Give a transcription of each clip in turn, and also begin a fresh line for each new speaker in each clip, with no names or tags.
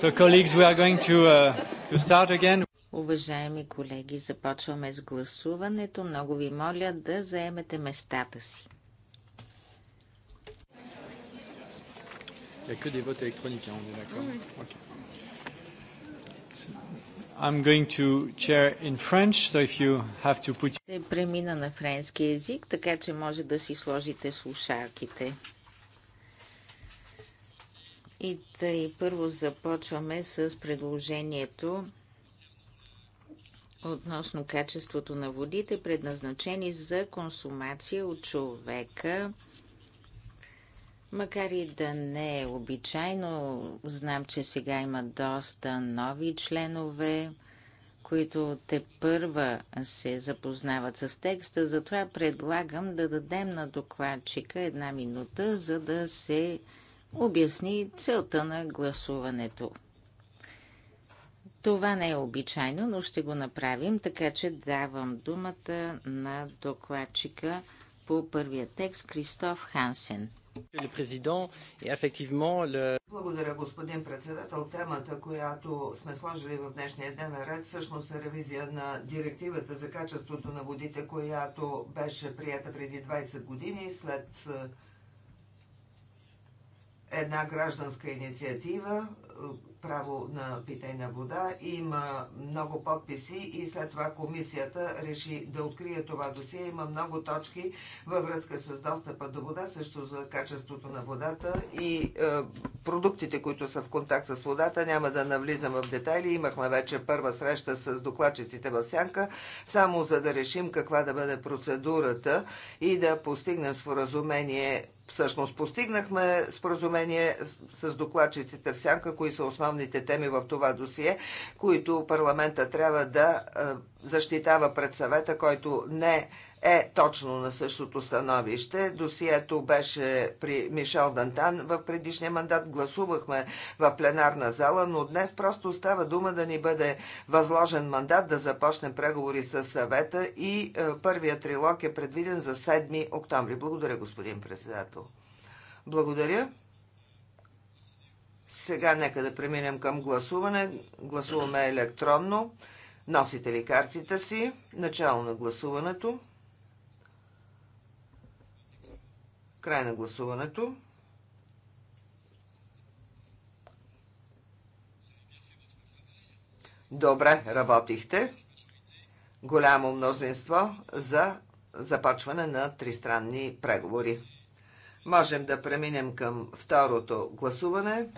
So, colleagues, we are going to, uh,
to start again. Уважаеми колеги, започваме с гласуването. Много ви моля да заемете местата си.
Il n'y a que des votes électroniques, hein, on est d'accord Mm-hmm. okay. So, I'm going to chair in French, so if you have to put...
Премина на френски език, така че може да си сложите слушалките. И тъй първо започваме с предложението относно качеството на водите, предназначени за консумация от човека. Макар и да не е обичайно, знам, че сега има доста нови членове, които те първа се запознават с текста, затова предлагам да дадем на докладчика една минута, за да се обясни целта на гласуването. Това не е обичайно, но ще го направим, така че давам думата на докладчика по първия текст Кристоф Хансен.
Благодаря, господин председател. Темата, която сме сложили в днешния дневен ред, всъщност е ревизия на директивата за качеството на водите, която беше прията преди 20 години след една гражданска инициатива, право на питейна вода. Има много подписи и след това комисията реши да открие това досие. Има много точки във връзка с достъпа до вода, също за качеството на водата и е, продуктите, които са в контакт с водата. Няма да навлизам в детайли. Имахме вече първа среща с докладчиците в Сянка, само за да решим каква да бъде процедурата и да постигнем споразумение. Всъщност постигнахме споразумение с докладчиците в Сянка, кои са основни основните теми в това досие, които парламента трябва да е, защитава пред съвета, който не е точно на същото становище. Досието беше при Мишел Дантан в предишния мандат. Гласувахме в пленарна зала, но днес просто става дума да ни бъде възложен мандат да започнем преговори с съвета и е, първият трилог е предвиден за 7 октомври. Благодаря, господин председател. Благодаря. Сега нека да преминем към гласуване. Гласуваме електронно. Носите ли картите си? Начало на гласуването. Край на гласуването. Добре, работихте. Голямо мнозинство за започване на тристранни преговори. Можем да преминем към второто гласуване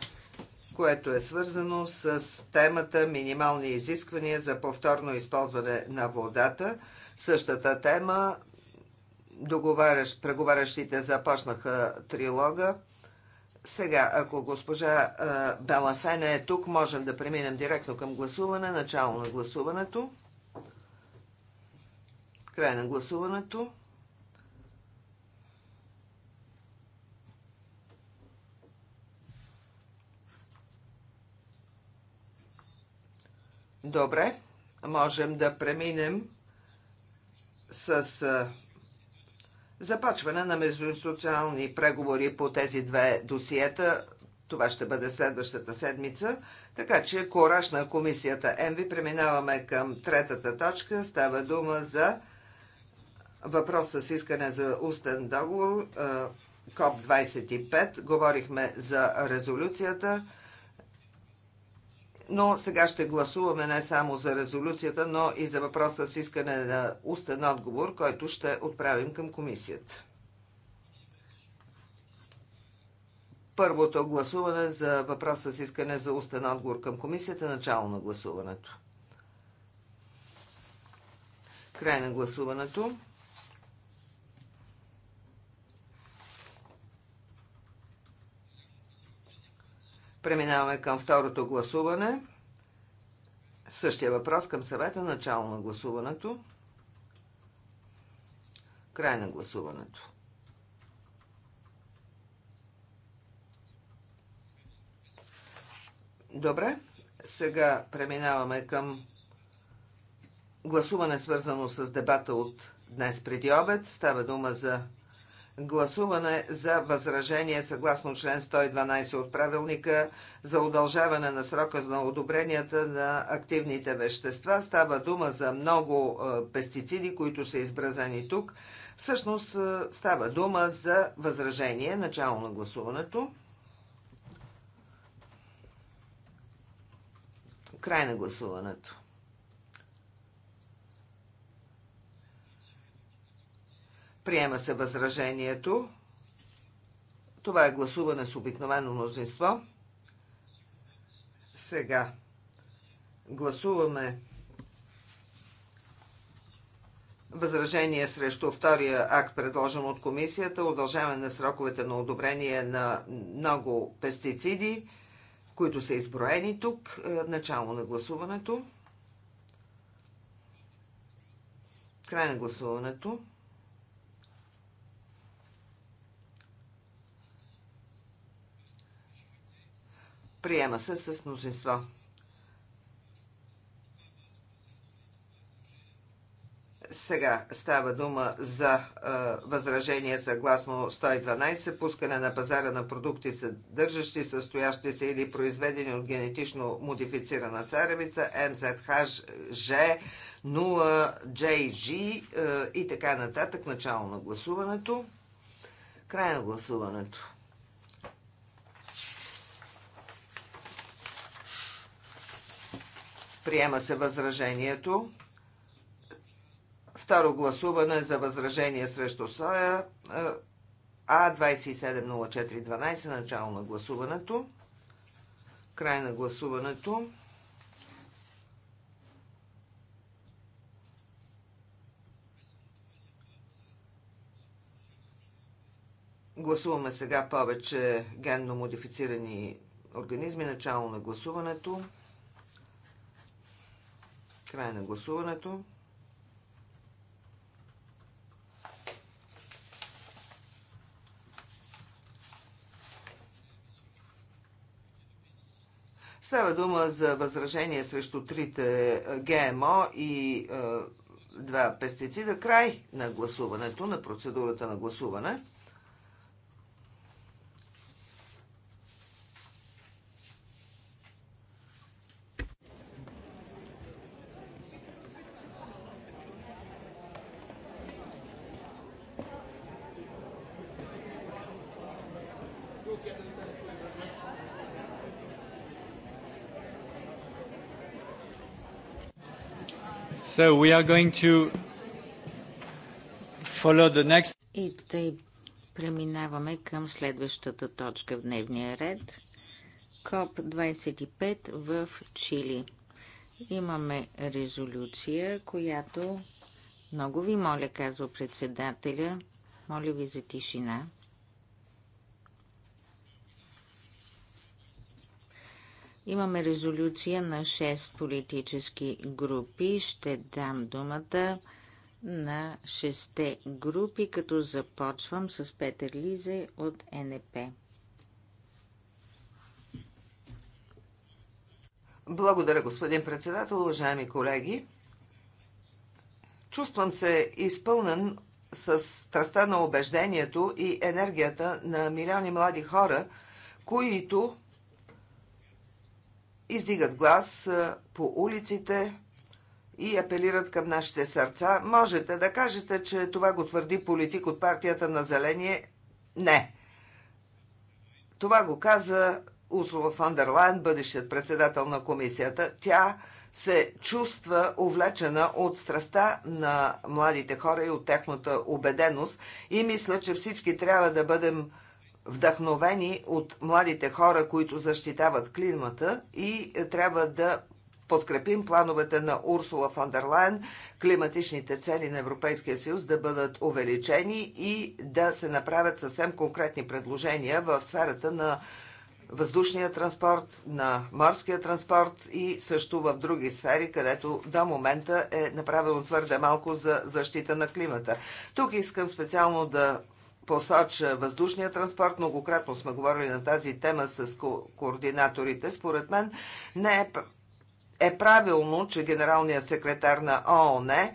което е свързано с темата Минимални изисквания за повторно използване на водата. Същата тема преговарящите започнаха трилога. Сега, ако госпожа Белафена е тук, можем да преминем директно към гласуване. Начало на гласуването. Край на гласуването. Добре, можем да преминем с започване на междуинституционални преговори по тези две досиета. Това ще бъде следващата седмица. Така че кораж на комисията ЕМВИ. Преминаваме към третата точка. Става дума за въпрос с искане за устен договор КОП-25. Говорихме за резолюцията но сега ще гласуваме не само за резолюцията, но и за въпроса с искане на устен отговор, който ще отправим към комисията. Първото гласуване за въпроса с искане за устен отговор към комисията, начало на гласуването. Край на гласуването. Преминаваме към второто гласуване. Същия въпрос към съвета, начало на гласуването, край на гласуването. Добре, сега преминаваме към гласуване свързано с дебата от днес преди обед. Става дума за гласуване за възражение съгласно член 112 от правилника за удължаване на срока на одобренията на активните вещества. Става дума за много пестициди, които са избразени тук. Всъщност става дума за възражение, начало на гласуването. Край на гласуването. Приема се възражението. Това е гласуване с обикновено мнозинство. Сега гласуваме възражение срещу втория акт, предложен от комисията, удължаване на сроковете на одобрение на много пестициди, които са изброени тук, е, начало на гласуването, край на гласуването, Приема се с мнозинство. Сега става дума за е, възражение съгласно 112, пускане на пазара на продукти, съдържащи, състоящи се или произведени от генетично модифицирана царевица, nzhg 0JG е, и така нататък. Начало на гласуването. Край на гласуването. Приема се възражението. Второ гласуване за възражение срещу СОЯ А270412. Начало на гласуването. Край на гласуването. Гласуваме сега повече генно модифицирани организми. Начало на гласуването. Край на гласуването. Става дума за възражение срещу трите е, ГМО и е, два пестицида. Край на гласуването, на процедурата на гласуване.
So we are going to follow the next... И тъй
преминаваме към следващата точка в дневния ред. КОП-25 в Чили. Имаме резолюция, която много ви моля, казва председателя, моля ви за тишина. Имаме резолюция на 6 политически групи. Ще дам думата на 6 групи, като започвам с
Петър Лизе от НП. Благодаря, господин председател, уважаеми колеги. Чувствам се изпълнен с страста на убеждението и енергията на милиони млади хора, които издигат глас по улиците и апелират към нашите сърца. Можете да кажете, че това го твърди политик от партията на Зеление. Не. Това го каза Усула фон дер Лайн, бъдещият председател на комисията. Тя се чувства увлечена от страста на младите хора и от техната убеденост и мисля, че всички трябва да бъдем вдъхновени от младите хора, които защитават климата и е, трябва да подкрепим плановете на Урсула фон дер Лайен климатичните цели на Европейския съюз да бъдат увеличени и да се направят съвсем конкретни предложения в сферата на въздушния транспорт, на морския транспорт и също в други сфери, където до момента е направено твърде малко за защита на климата. Тук искам специално да посоча въздушния транспорт. Многократно сме говорили на тази тема с ко координаторите. Според мен не е, е правилно, че генералният секретар на ООН е,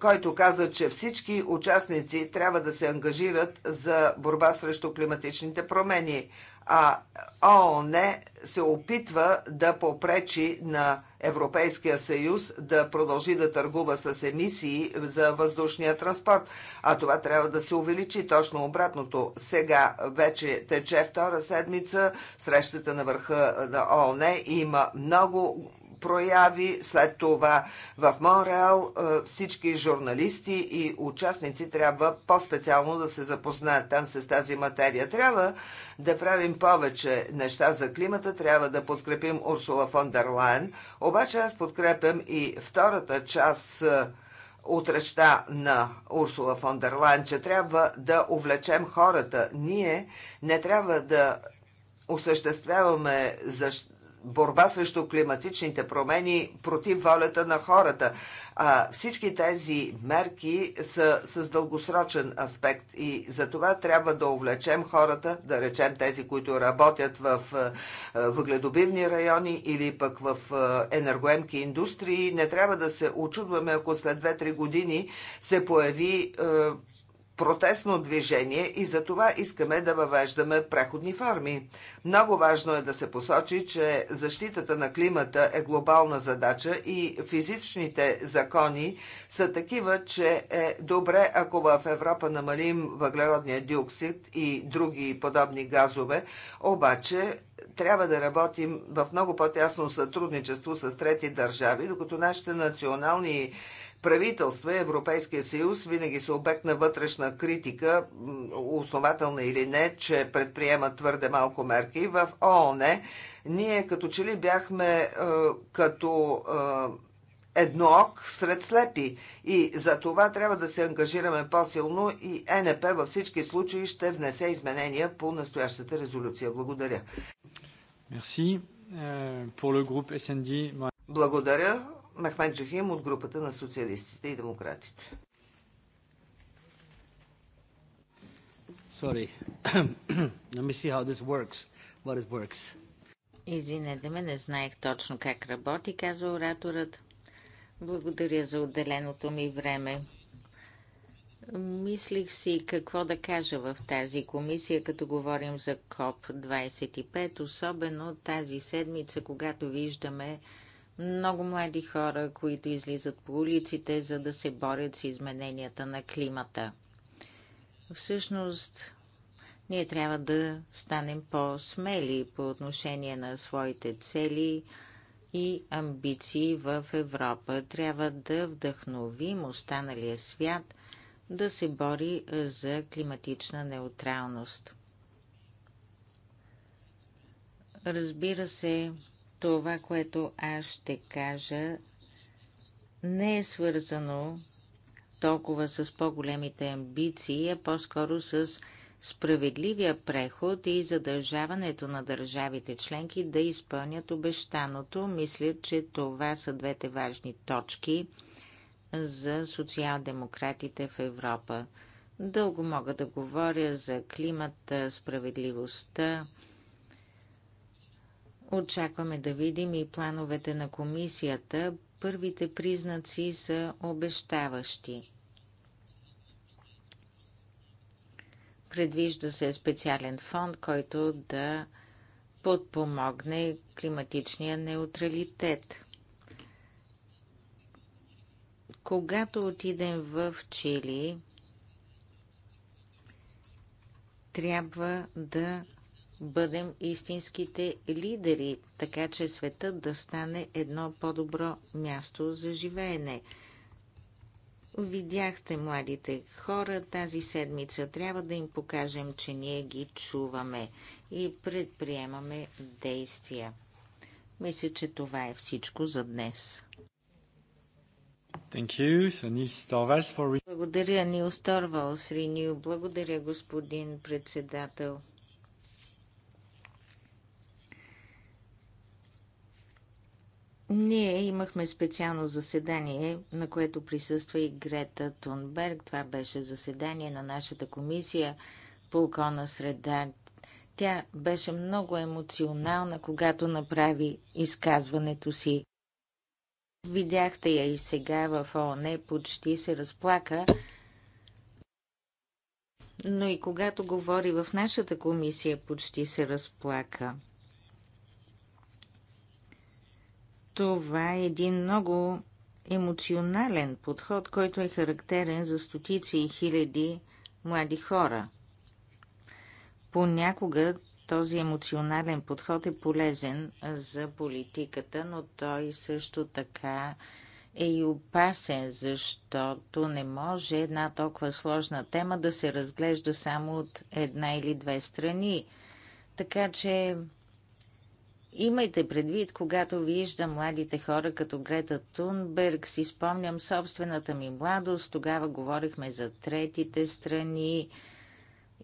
който каза, че всички участници трябва да се ангажират за борба срещу климатичните промени, а ООН се опитва да попречи на Европейския съюз да продължи да търгува с емисии за въздушния транспорт, а това трябва да се увеличи точно обратното. Сега вече тече втора седмица, срещата на върха на ООН има много прояви. След това в Монреал е, всички журналисти и участници трябва по-специално да се запознаят там с тази материя. Трябва да правим повече неща за климата, трябва да подкрепим Урсула фон дер Лайн. Обаче аз подкрепям и втората част от е, речта на Урсула фон дер Лайн, че трябва да увлечем хората. Ние не трябва да осъществяваме защ борба срещу климатичните промени против волята на хората. А всички тези мерки са с дългосрочен аспект и за това трябва да увлечем хората, да речем тези, които работят в въгледобивни райони или пък в енергоемки индустрии. Не трябва да се очудваме, ако след 2-3 години се появи протестно движение и за това искаме да въвеждаме преходни форми. Много важно е да се посочи, че защитата на климата е глобална задача и физичните закони са такива, че е добре, ако в Европа намалим въглеродния диоксид и други подобни газове, обаче трябва да работим в много по-тясно сътрудничество с трети държави, докато нашите национални правителства и Европейския съюз винаги са обект на вътрешна критика, основателна или не, че предприемат твърде малко мерки. В ООН ние като че ли бяхме е, като е, едноок сред слепи и за това трябва да се ангажираме по-силно и НП във всички случаи ще внесе изменения по настоящата резолюция. Благодаря. Е, Благодаря. Благодаря. Махмед Джахим от групата на социалистите и демократите. Sorry. Let me see how this works. What it works.
Извинете ме, не знаех точно как работи, казва ораторът. Благодаря за отделеното ми време. Мислих си какво да кажа в тази комисия, като говорим за КОП-25, особено тази седмица, когато виждаме много млади хора, които излизат по улиците, за да се борят с измененията на климата. Всъщност, ние трябва да станем по-смели по отношение на своите цели и амбиции в Европа. Трябва да вдъхновим останалия свят да се бори е, за климатична неутралност. Разбира се, това, което аз ще кажа, не е свързано толкова с по-големите амбиции, а по-скоро с справедливия преход и задължаването на държавите членки да изпълнят обещаното. Мисля, че това са двете важни точки за социал-демократите в Европа. Дълго мога да говоря за климата, справедливостта, Очакваме да видим и плановете на комисията. Първите признаци са обещаващи. Предвижда се специален фонд, който да подпомогне климатичния неутралитет. Когато отидем в Чили, трябва да бъдем истинските лидери, така че светът да стане едно по-добро място за живеене. Видяхте младите хора тази седмица. Трябва да им покажем, че ние ги чуваме и предприемаме действия. Мисля, че това е всичко за днес.
For...
Благодаря, Нил Сторвалс, Реню. Благодаря, господин председател. Ние имахме специално заседание, на което присъства и Грета Тунберг. Това беше заседание на нашата комисия по околна среда. Тя беше много емоционална, когато направи изказването си. Видяхте я и сега в ООН, почти се разплака. Но и когато говори в нашата комисия, почти се разплака. Това е един много емоционален подход, който е характерен за стотици и хиляди млади хора. Понякога този емоционален подход е полезен за политиката, но той също така е и опасен, защото не може една толкова сложна тема да се разглежда само от една или две страни. Така че Имайте предвид, когато виждам младите хора като Грета Тунберг, си спомням собствената ми младост, тогава говорихме за третите страни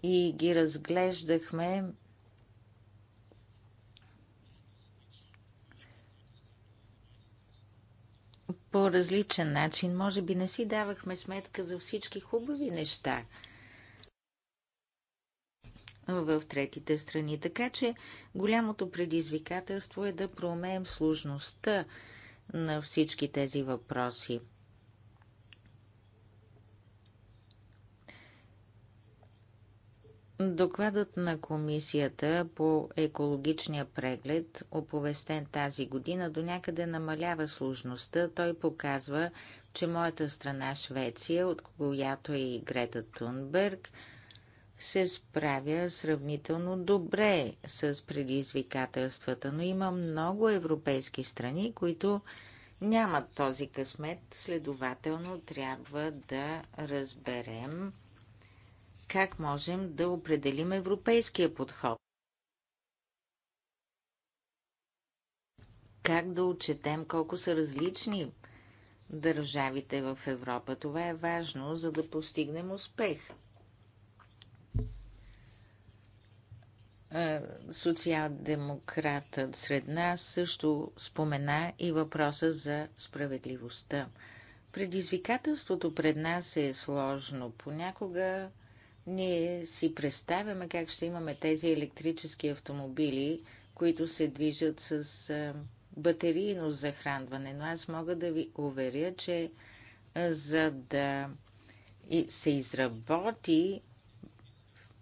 и ги разглеждахме по различен начин. Може би не си давахме сметка за всички хубави неща – в третите страни. Така че голямото предизвикателство е да проумеем сложността на всички тези въпроси. Докладът на комисията по екологичния преглед, оповестен тази година, до някъде намалява сложността. Той показва, че моята страна Швеция, от която е и Грета Тунберг, се справя сравнително добре с предизвикателствата, но има много европейски страни, които нямат този късмет, следователно трябва да разберем как можем да определим европейския подход. Как да отчетем колко са различни държавите в Европа. Това е важно, за да постигнем успех – Социал-демократът сред нас също спомена и въпроса за справедливостта. Предизвикателството пред нас е сложно. Понякога ние си представяме как ще имаме тези електрически автомобили, които се движат с батерийно захранване, но аз мога да ви уверя, че за да се изработи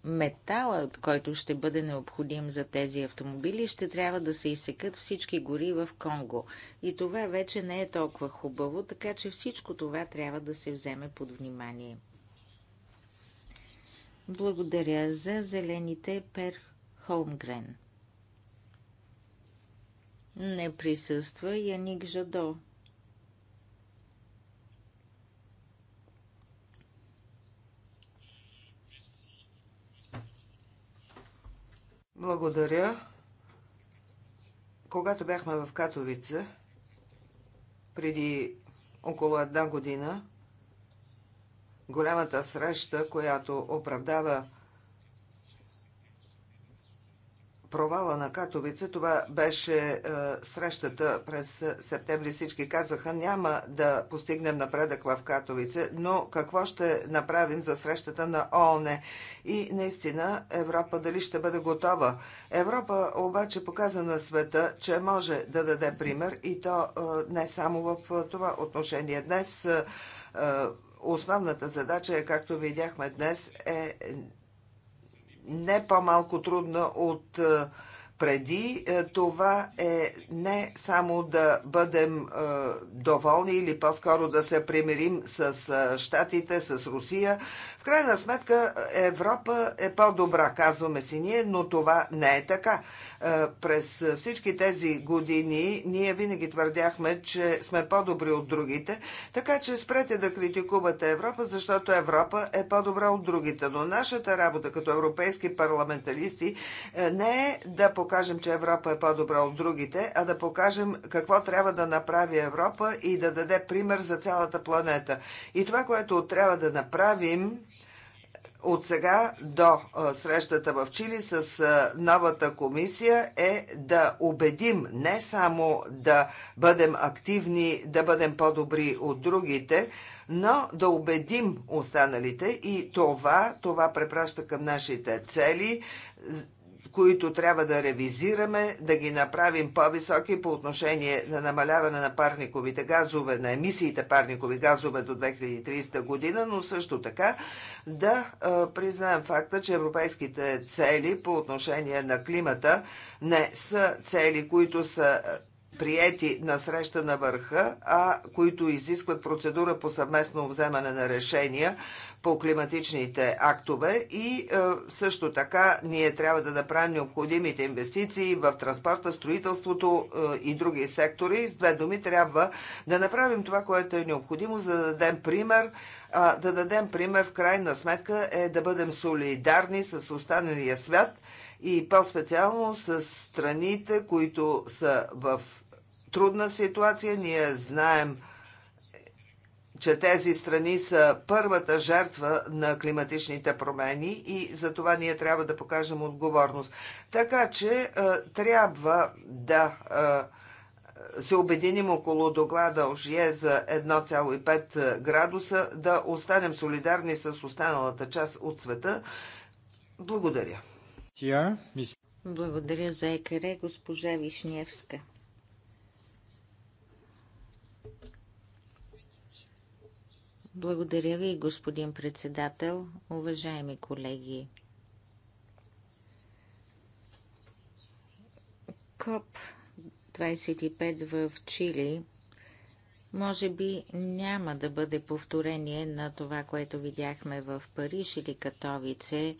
металът, който ще бъде необходим за тези автомобили, ще трябва да се изсекат всички гори в Конго. И това вече не е толкова хубаво, така че всичко това трябва да се вземе под внимание. Благодаря за зелените пер Холмгрен. Не присъства Яник Жадо.
Благодаря. Когато бяхме в катовица, преди около една година, голямата среща, която оправдава провала на катовица. това беше е, срещата през септември. Всички казаха, няма да постигнем напредък в Катовице, но какво ще направим за срещата на ООН? И наистина Европа дали ще бъде готова? Европа обаче показа на света, че може да даде пример и то е, не само в това отношение. Днес е, е, основната задача е, както видяхме днес, е не по-малко трудна от е, преди. Е, това е не само да бъдем е, доволни или по-скоро да се примирим с Штатите, с Русия, в крайна сметка Европа е по-добра, казваме си ние, но това не е така. Е, през всички тези години ние винаги твърдяхме, че сме по-добри от другите, така че спрете да критикувате Европа, защото Европа е по-добра от другите. Но нашата работа като европейски парламентаристи е, не е да покажем, че Европа е по-добра от другите, а да покажем какво трябва да направи Европа и да даде пример за цялата планета. И това, което трябва да направим от сега до срещата в Чили с новата комисия е да убедим не само да бъдем активни, да бъдем по-добри от другите, но да убедим останалите и това, това препраща към нашите цели които трябва да ревизираме, да ги направим по-високи по отношение на намаляване на парниковите газове, на емисиите парникови газове до 2030 година, но също така да признаем факта, че европейските цели по отношение на климата не са цели, които са приети на среща на върха, а които изискват процедура по съвместно вземане на решения по климатичните актове и е, също така ние трябва да направим необходимите инвестиции в транспорта, строителството е, и други сектори. С две думи трябва да направим това, което е необходимо, за да дадем пример. Да дадем пример в крайна сметка е да бъдем солидарни с останалия свят и по-специално с страните, които са в трудна ситуация. Ние знаем че тези страни са първата жертва на климатичните промени и за това ние трябва да покажем отговорност. Така че е, трябва да е, се обединим около доклада ОЖЕ за 1,5 градуса, да останем солидарни с останалата част от света. Благодаря.
Благодаря за екаре, госпожа Вишневска. Благодаря ви, господин председател, уважаеми колеги. КОП 25 в Чили може би няма да бъде повторение на това, което видяхме в Париж или Катовице.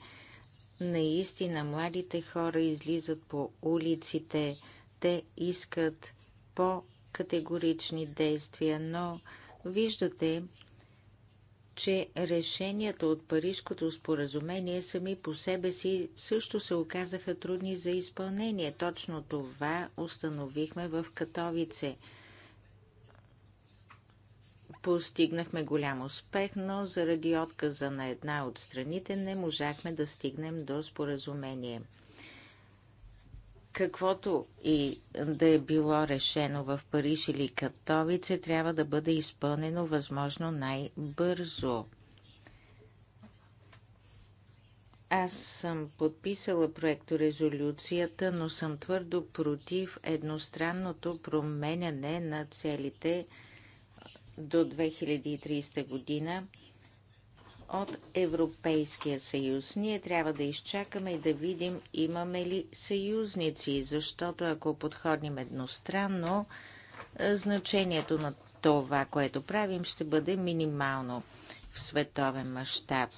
Наистина, младите хора излизат по улиците. Те искат по-категорични действия, но виждате, че решенията от Парижското споразумение сами по себе си също се оказаха трудни за изпълнение. Точно това установихме в Катовице. Постигнахме голям успех, но заради отказа на една от страните не можахме да стигнем до споразумение каквото и да е било решено в Париж или Катовице, трябва да бъде изпълнено възможно най-бързо. Аз съм подписала проекторезолюцията, но съм твърдо против едностранното променяне на целите до 2030 година от Европейския съюз. Ние трябва да изчакаме и да видим имаме ли съюзници, защото ако подходим едностранно, значението на това, което правим, ще бъде минимално в световен мащаб.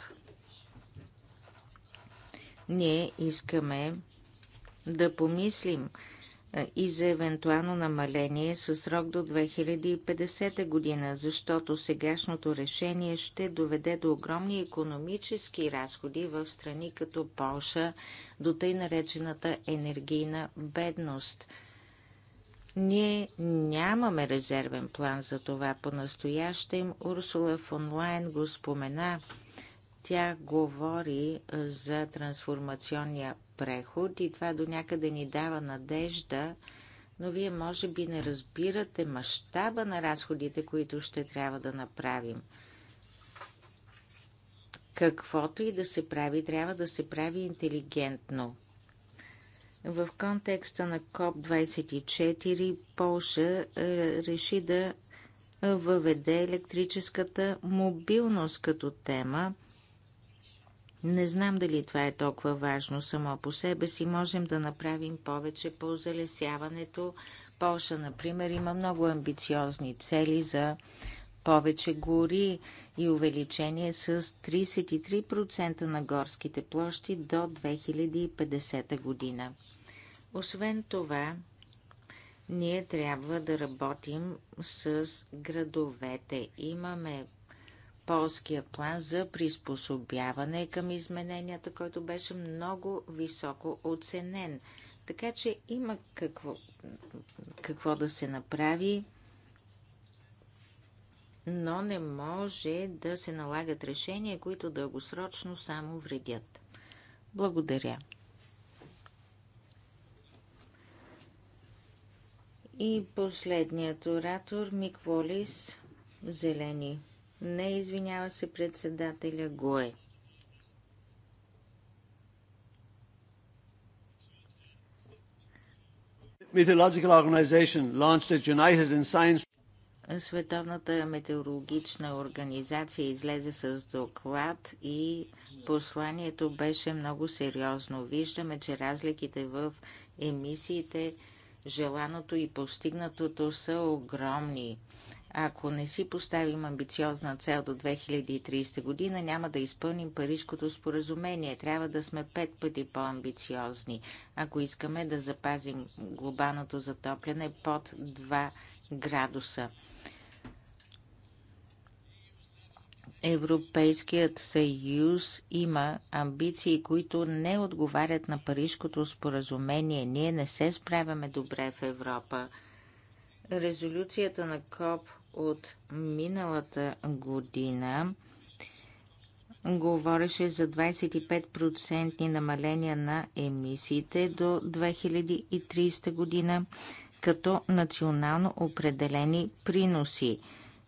Ние искаме да помислим е, и за евентуално намаление със срок до 2050 година, защото сегашното решение ще доведе до огромни економически разходи в страни като Полша, до тъй наречената енергийна бедност. Ние нямаме резервен план за това. По-настоящем Урсула фон го спомена. Тя говори е, за трансформационния преход и това до някъде ни дава надежда, но вие може би не разбирате мащаба на разходите, които ще трябва да направим. Каквото и да се прави, трябва да се прави интелигентно. В контекста на КОП-24 Полша е, реши да въведе електрическата мобилност като тема – не знам дали това е толкова важно само по себе си. Можем да направим повече по залесяването. Полша, например, има много амбициозни цели за повече гори и увеличение с 33% на горските площи до 2050 година. Освен това, ние трябва да работим с градовете. Имаме полския план за приспособяване към измененията, който беше много високо оценен. Така че има какво, какво да се направи, но не може да се налагат решения, които дългосрочно само вредят. Благодаря. И последният оратор Мик Волис, Зелени. Не извинява се председателя Гое. Световната метеорологична организация излезе с доклад и посланието беше много сериозно. Виждаме, че разликите в емисиите, желаното и постигнатото са огромни. Ако не си поставим амбициозна цел до 2030 година, няма да изпълним Парижското споразумение. Трябва да сме пет пъти по-амбициозни, ако искаме да запазим глобалното затопляне под 2 градуса. Европейският съюз има амбиции, които не отговарят на Парижското споразумение. Ние не се справяме добре в Европа Резолюцията на КОП от миналата година говореше за 25% намаление на емисиите до 2030 година като национално определени приноси.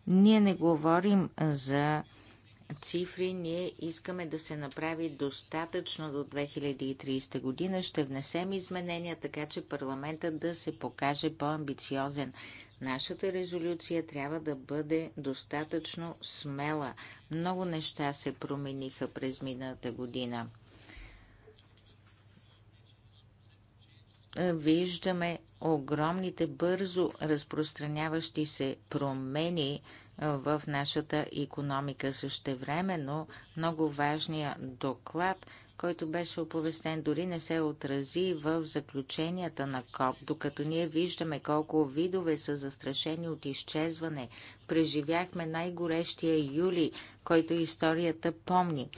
Ние не говорим за цифри ние искаме да се направи достатъчно до 2030 година. Ще внесем изменения, така че парламентът да се покаже по-амбициозен. Нашата резолюция трябва да бъде достатъчно смела. Много неща се промениха през миналата година. Виждаме огромните бързо разпространяващи се промени – в нашата економика. но много важният доклад, който беше оповестен, дори не се отрази в заключенията на КОП, докато ние виждаме колко видове са застрашени от изчезване. Преживяхме най-горещия юли, който историята помни.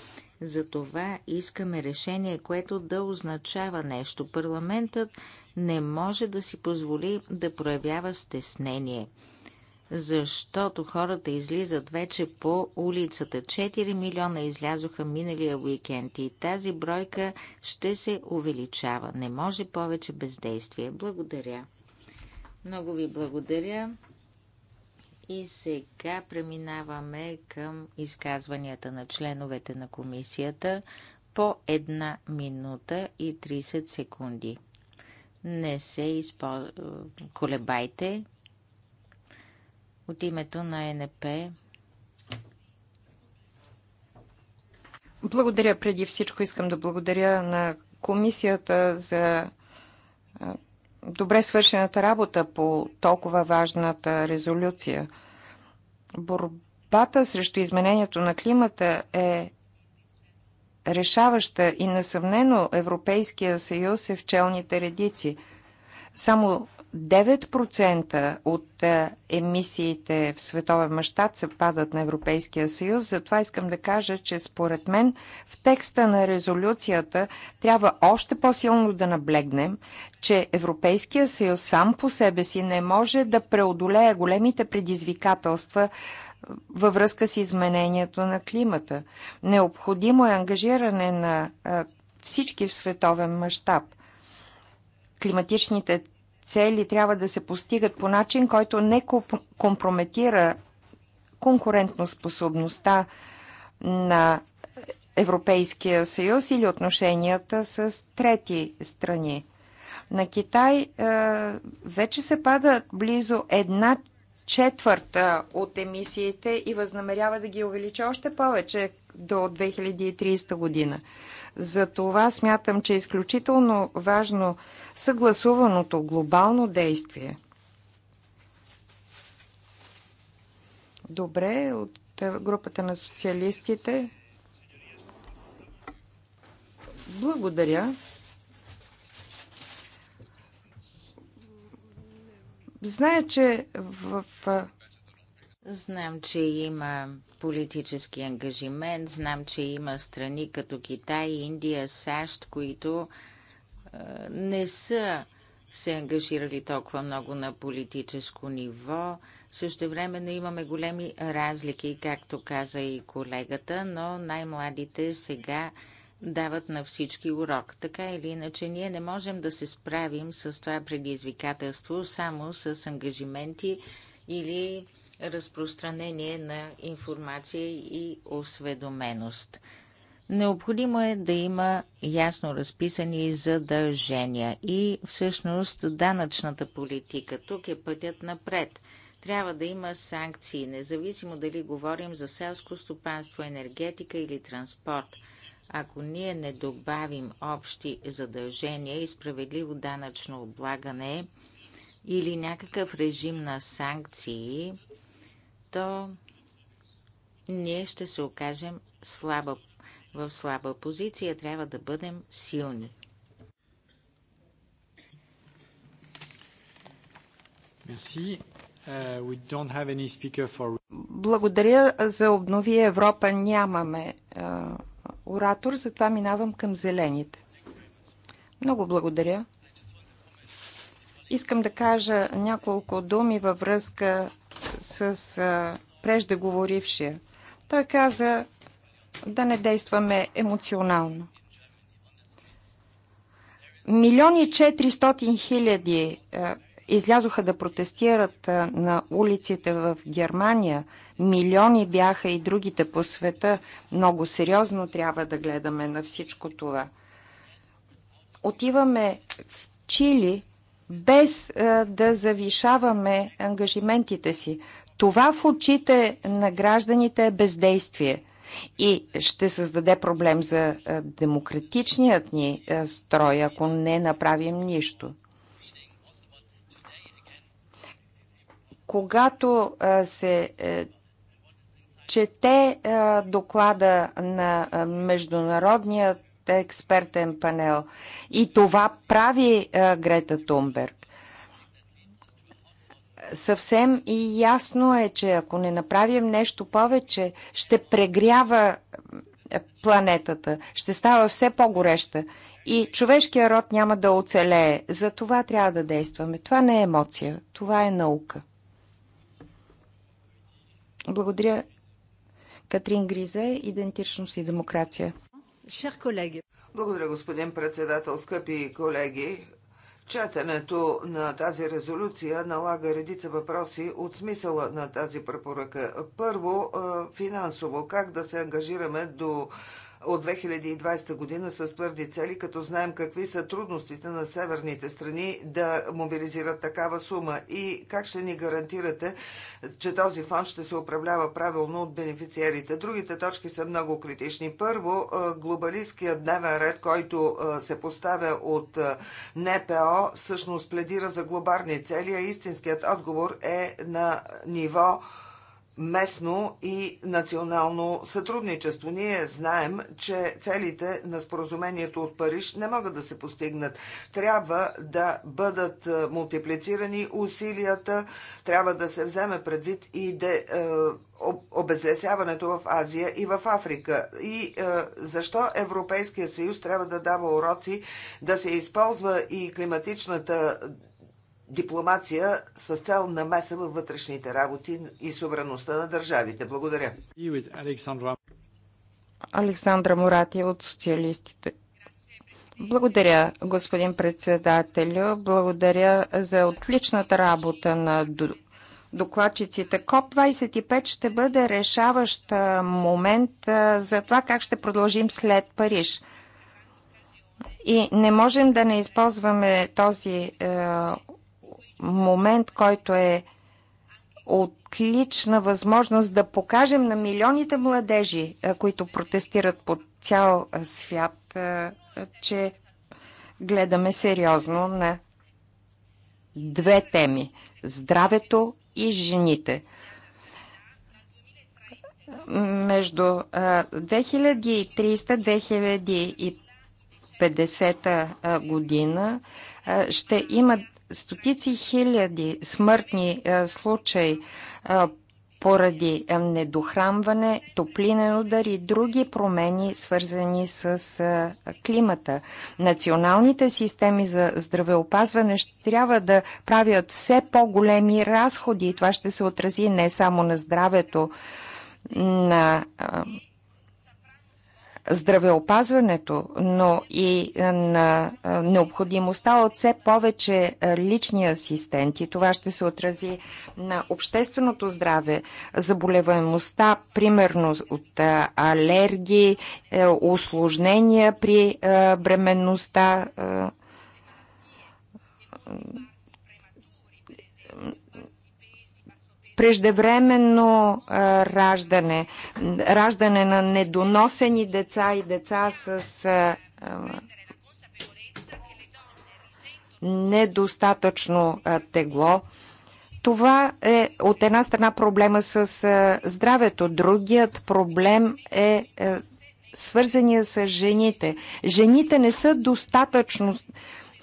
Затова искаме решение, което да означава нещо. Парламентът не може да си позволи да проявява стеснение – защото хората излизат вече по улицата. 4 милиона излязоха миналия уикенд и тази бройка ще се увеличава. Не може повече бездействие. Благодаря. Много ви благодаря. И сега преминаваме към изказванията на членовете на комисията по една минута и 30 секунди. Не се изпо... колебайте, от името на НП. Благодаря преди всичко. Искам да благодаря на
комисията за добре свършената работа по толкова важната резолюция. Борбата срещу изменението на климата е решаваща и несъмнено Европейския съюз е в челните редици. Само 9% от е, емисиите в световен мащаб се падат на Европейския съюз. Затова искам да кажа, че според мен в текста на резолюцията трябва още по-силно да наблегнем, че Европейския съюз сам по себе си не може да преодолее големите предизвикателства е, във връзка с изменението на климата. Необходимо е ангажиране на е, всички в световен мащаб. Климатичните цели трябва да се постигат по начин, който не компрометира конкурентоспособността на Европейския съюз или отношенията с трети страни. На Китай е, вече се падат близо една четвърта от емисиите и възнамерява да ги увелича още повече до 2030 година. За това смятам, че е изключително важно съгласуваното глобално действие. Добре, от е, групата на социалистите. Благодаря.
Зная, че в Знам, че има политически ангажимент, знам, че има страни като Китай, Индия, САЩ, които е, не са се ангажирали толкова много на политическо ниво. Също времено имаме големи разлики, както каза и колегата, но най-младите сега дават на всички урок. Така или иначе, ние не можем да се справим с това предизвикателство само с ангажименти или разпространение на информация и осведоменост. Необходимо е да има ясно разписани задължения и всъщност данъчната политика. Тук е пътят напред. Трябва да има санкции, независимо дали говорим за селско стопанство, енергетика или транспорт. Ако ние не добавим общи задължения и справедливо данъчно облагане или някакъв режим на санкции, то ние ще се окажем слаба, в слаба позиция. Трябва да бъдем силни.
Merci. Uh, we don't have any speaker for...
Благодаря за обнови Европа. Нямаме uh, оратор, затова минавам към зелените. Много благодаря. Искам да кажа няколко думи във връзка с а, преждеговорившия. Той каза да не действаме емоционално. Милиони 400 хиляди излязоха да протестират на улиците в Германия. Милиони бяха и другите по света. Много сериозно трябва да гледаме на всичко това. Отиваме в Чили – без е, да завишаваме ангажиментите си. Това в очите на гражданите е бездействие и ще създаде проблем за е, демократичният ни е, строй, ако не направим нищо. Когато се чете доклада на Международният експертен панел. И това прави а, е, Грета Тумберг. Съвсем и ясно е, че ако не направим нещо повече, ще прегрява е, планетата, ще става все по-гореща и човешкия род няма да оцелее. За това трябва да действаме. Това не е емоция, това е наука. Благодаря, Катрин Гризе, идентичност и демокрация.
Благодаря, господин председател, скъпи колеги. Четенето на тази резолюция налага редица въпроси от смисъла на тази препоръка. Първо, финансово, как да се ангажираме до от 2020 година с твърди цели, като знаем какви са трудностите на северните страни да мобилизират такава сума и как ще ни гарантирате, че този фонд ще се управлява правилно от бенефициерите. Другите точки са много критични. Първо, е, глобалистският дневен ред, който е, се поставя от е, НПО, всъщност пледира за глобарни цели, а истинският отговор е на ниво местно и национално сътрудничество. Ние знаем, че целите на споразумението от Париж не могат да се постигнат. Трябва да бъдат е, мултиплицирани усилията, трябва да се вземе предвид и да е, обезлесяването в Азия и в Африка. И е, защо Европейския съюз трябва да дава уроци да се използва и климатичната дипломация с цел намеса във вътрешните работи и сувереността на държавите. Благодаря.
Александра Мурати от социалистите. Благодаря, господин председателю. Благодаря за отличната работа на докладчиците. КОП-25 ще бъде решаващ момент за това как ще продължим след Париж. И не можем да не използваме този е, момент, който е отлична възможност да покажем на милионите младежи, които протестират по цял свят, че гледаме сериозно на две теми здравето и жените. Между 2300-2050 година ще има стотици хиляди смъртни е, случаи е, поради е, недохранване, топлинен удар и други промени, свързани с климата. Националните системи за здравеопазване ще трябва да правят все по-големи разходи и това ще се отрази не само на здравето на здравеопазването, но и е, на е, необходимостта от все повече е, лични асистенти. Това ще се отрази на общественото здраве, заболеваемостта, примерно от алергии, осложнения при бременността, преждевременно а, раждане, раждане на недоносени деца и деца с а, недостатъчно а, тегло. Това е от една страна проблема с а, здравето, другият проблем е а, е, свързания с жените. Жените не са достатъчно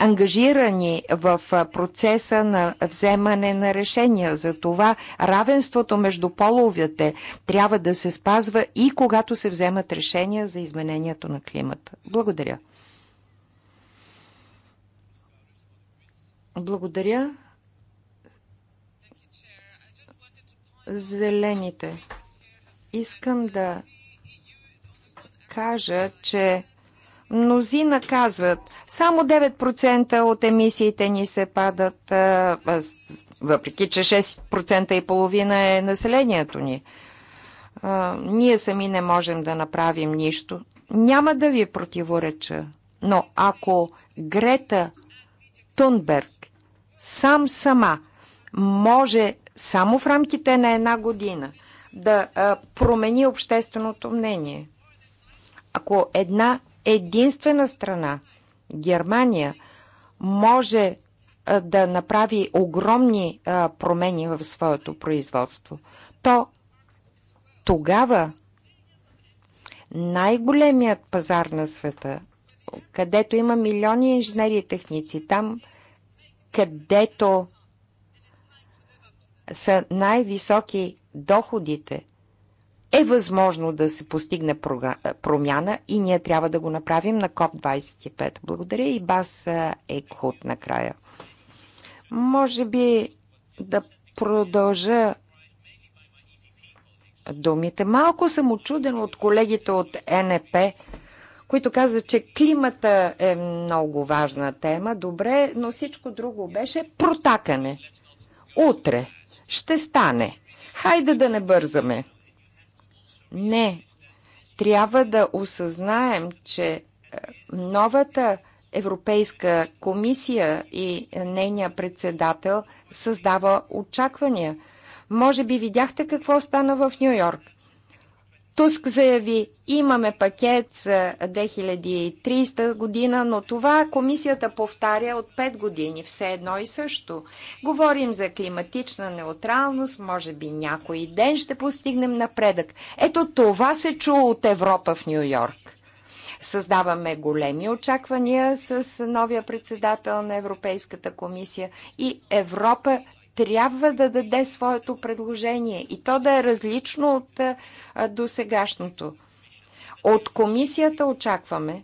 ангажирани в процеса на вземане на решения. За това равенството между половете трябва да се спазва и когато се вземат решения за изменението на климата. Благодаря. Благодаря. Зелените. Искам да кажа, че Мнози наказват. Само 9% от емисиите ни се падат, въпреки че 6% и половина е населението ни. Ние сами не можем да направим нищо. Няма да ви противореча, но ако Грета Тунберг сам сама може само в рамките на една година да промени общественото мнение. Ако една единствена страна, Германия, може да направи огромни промени в своето производство, то тогава най-големият пазар на света, където има милиони инженери и техници, там където са най-високи доходите, е възможно да се постигне промяна и ние трябва да го направим на КОП-25. Благодаря и Бас Екхут накрая. Може би да продължа думите. Малко съм очуден от колегите от НП, които казват, че климата е много важна тема. Добре, но всичко друго беше протакане. Утре ще стане. Хайде да не бързаме. Не. Трябва да осъзнаем, че е, новата Европейска комисия и нейния председател създава очаквания. Може би видяхте какво стана в Нью Йорк. Туск заяви, имаме пакет за 2300 година, но това комисията повтаря от 5 години, все едно и също. Говорим за климатична неутралност, може би някой ден ще постигнем напредък. Ето това се чу от Европа в Нью Йорк. Създаваме големи очаквания с новия председател на Европейската комисия и Европа трябва да даде своето предложение и то да е различно от досегашното. От комисията очакваме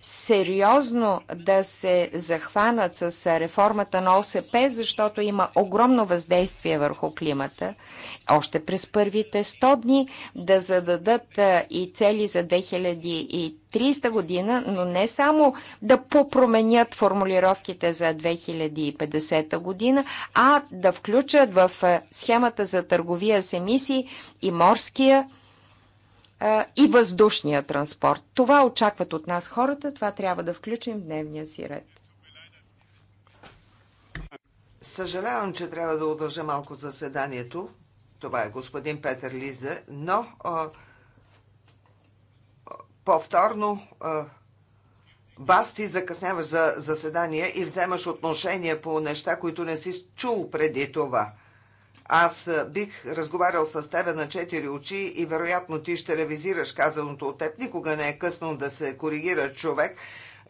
сериозно да се захванат с реформата на ОСП, защото има огромно въздействие върху климата. Още през първите 100 дни да зададат и цели за 2030 година, но не само да попроменят формулировките за 2050 година, а да включат в схемата за търговия с емисии и морския и въздушния транспорт. Това очакват от нас хората, това трябва да включим в дневния си ред.
Съжалявам, че трябва да удължа малко заседанието. Това е господин Петър Лиза, но а, повторно а, бас ти закъсняваш за заседания и вземаш отношение по неща, които не си чул преди това. Аз бих разговарял с тебе на четири очи и вероятно ти ще ревизираш казаното от теб. Никога не е късно да се коригира човек,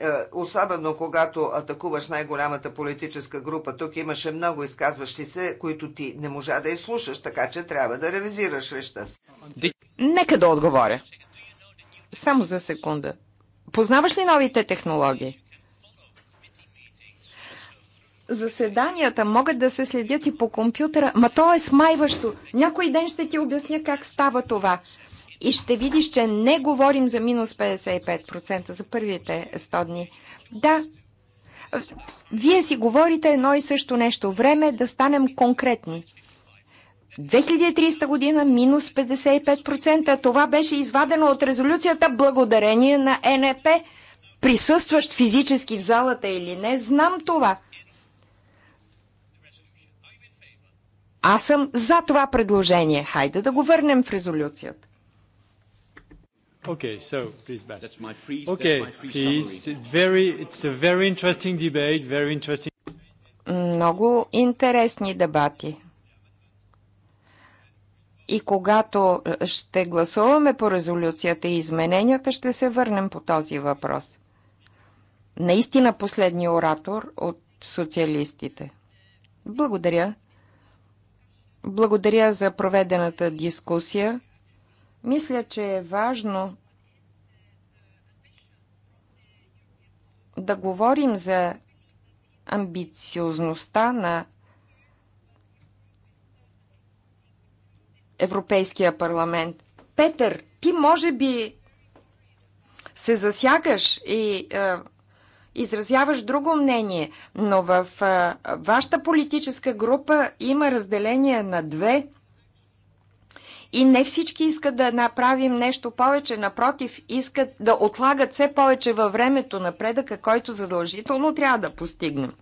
е, особено когато атакуваш най-голямата политическа група. Тук имаше много изказващи се, които ти не можа да изслушаш, така че трябва да ревизираш реща си. Нека да отговоря. Само за секунда. Познаваш ли новите технологии?
заседанията могат да се следят и по компютъра. Ма то е смайващо. Някой ден ще ти обясня как става това. И ще видиш, че не говорим за минус 55% за първите 100 дни. Да, вие си говорите едно и също нещо. Време е да станем конкретни. 2300 година минус 55%. Това беше извадено от резолюцията благодарение на НП. Присъстващ физически в залата или не, знам това – Аз съм за това предложение. Хайде да го върнем в резолюцията.
Okay, so please, Bas. That's my free. Okay, that's my free please. Very, it's a very interesting debate. Very interesting.
Много интересни дебати. И когато е, ще гласуваме по резолюцията и измененията, ще се върнем по този въпрос. Наистина последния оратор от социалистите. Благодаря. Благодаря за проведената дискусия. Мисля, че е важно да говорим за амбициозността на Европейския парламент. Петър, ти може би се засягаш и е, изразяваш друго мнение, но в а, вашата политическа група има разделение на две. И не всички искат да направим нещо повече, напротив, искат да отлагат все повече във времето напредъка, който задължително трябва да постигнем.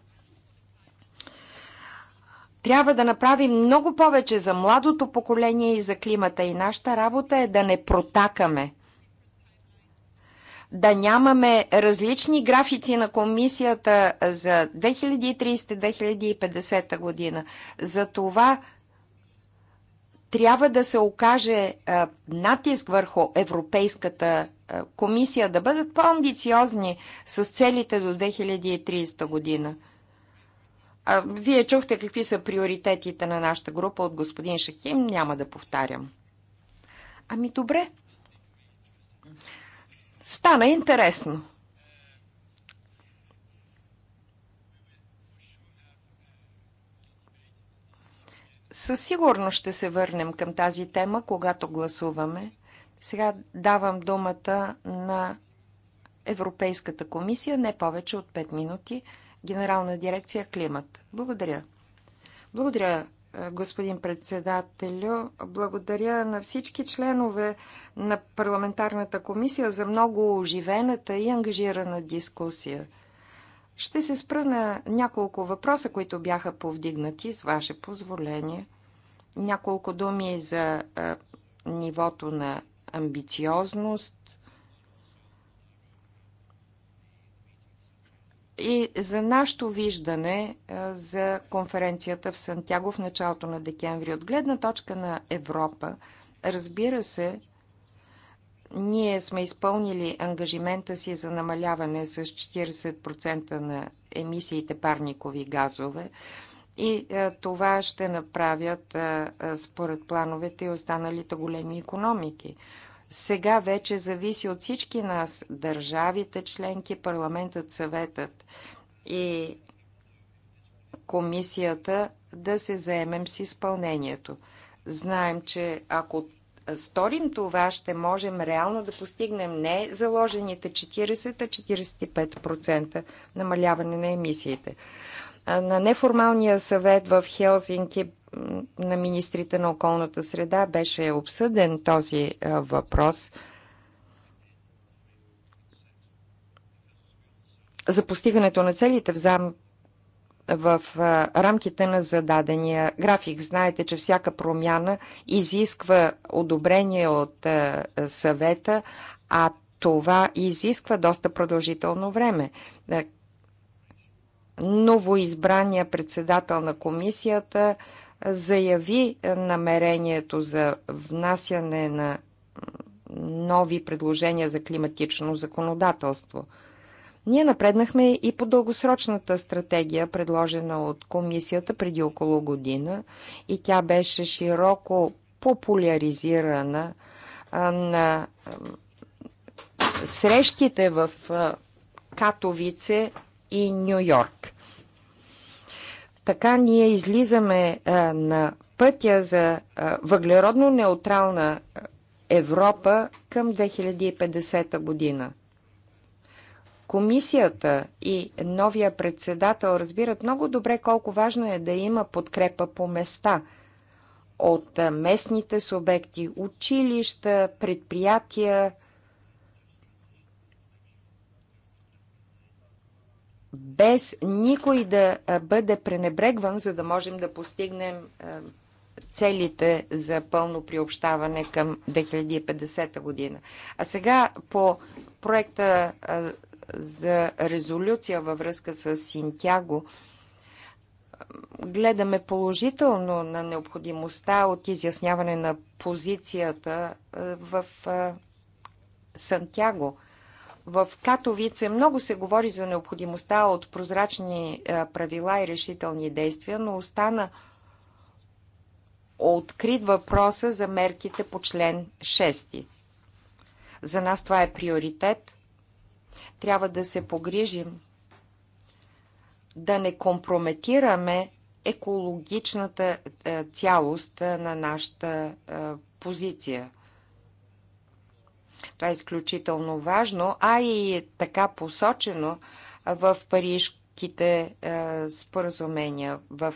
Трябва да направим много повече за младото поколение и за климата. И нашата работа е да не протакаме – да нямаме различни графици на комисията за 2030-2050 година. За това трябва да се окаже натиск върху Европейската комисия да бъдат по-амбициозни с целите до 2030 година. А, вие чухте какви са приоритетите на нашата група от господин Шахим, няма да повтарям. Ами добре, Стана интересно. Със сигурност ще се върнем към тази тема, когато гласуваме. Сега давам думата на Европейската комисия, не повече от 5 минути, Генерална дирекция Климат. Благодаря. Благодаря, господин председателю. Благодаря на всички членове на парламентарната комисия за много оживената и ангажирана дискусия. Ще се спра на няколко въпроса, които бяха повдигнати с ваше позволение. Няколко думи за нивото на амбициозност, и за нашето виждане за конференцията в Сантяго в началото на декември. От гледна точка на Европа, разбира се, ние сме изпълнили ангажимента си за намаляване с 40% на емисиите парникови газове и това ще направят според плановете и останалите големи економики сега вече зависи от всички нас, държавите, членки, парламентът, съветът и комисията да се заемем с изпълнението. Знаем, че ако сторим това, ще можем реално да постигнем не заложените 40-45% намаляване на емисиите. На неформалния съвет в Хелсинки на министрите на околната среда беше обсъден този въпрос за постигането на целите в зам в рамките на зададения график. Знаете, че всяка промяна изисква одобрение от съвета, а това изисква доста продължително време. Е, новоизбрания председател на комисията заяви е, намерението за внасяне на нови предложения за климатично законодателство. Ние напреднахме и по дългосрочната стратегия, предложена от комисията преди около година, и тя беше широко популяризирана на срещите в Катовице и Нью Йорк. Така ние излизаме а, на пътя за а, въглеродно неутрална Европа към 2050 година. Комисията и новия председател разбират много добре колко важно е да има подкрепа по места от местните субекти, училища, предприятия, без никой да бъде пренебрегван, за да можем да постигнем целите за пълно приобщаване към 2050 година. А сега по проекта за резолюция във връзка с Синтяго гледаме положително на необходимостта от изясняване на позицията в Сантяго – в Катовице много се говори за необходимостта от прозрачни е, правила и решителни действия, но остана открит въпроса за мерките по член 6. За нас това е приоритет. Трябва да се погрижим да не компрометираме екологичната е, цялост е, на нашата позиция. Това е изключително важно, а и така посочено в парижките е, споразумения. В